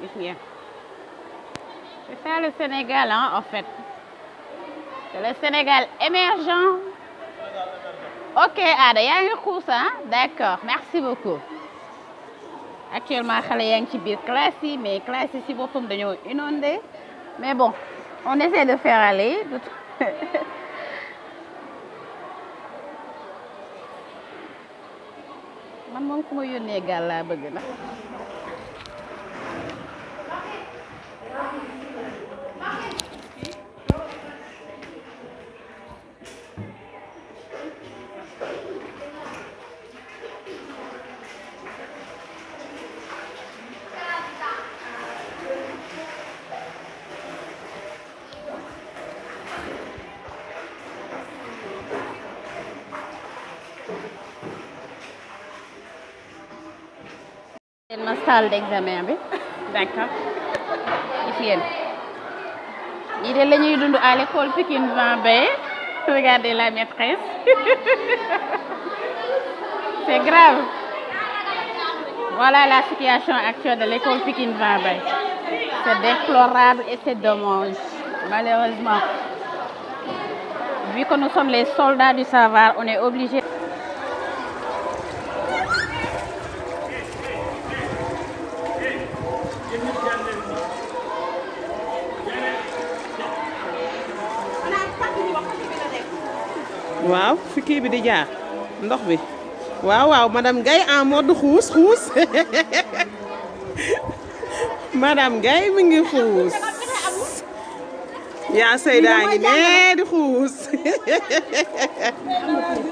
gis ngeen c'est ça le Sénégal hein en fait c'est le Sénégal émergent ok Ada yaa ngi xuus ah d'accord merci beaucoup actuellement xale yaa ngi ci biir classe yi mais classe yi si boppam dañoo inondé mais bon on essaie de faire aller man moom ku ma yónnee gàll laa bëgg na ma salle d'examen bi d'accord yéen ñii de la ñuy dund à l'école Pikine Vent Bay Regardez la maîtresse. C'est grave. Voilà la situation actuelle de l'école Pikin Vambay. C'est déplorable et c'est dommage. Malheureusement, vu que nous sommes les soldats du savoir, on est obligé waaw fi kii bi di jaar ndox bi waaw waaw madame Gaye en mode xuus xuus madame Gaye mi ngi xuus yaa Seyda ngi nee di xuus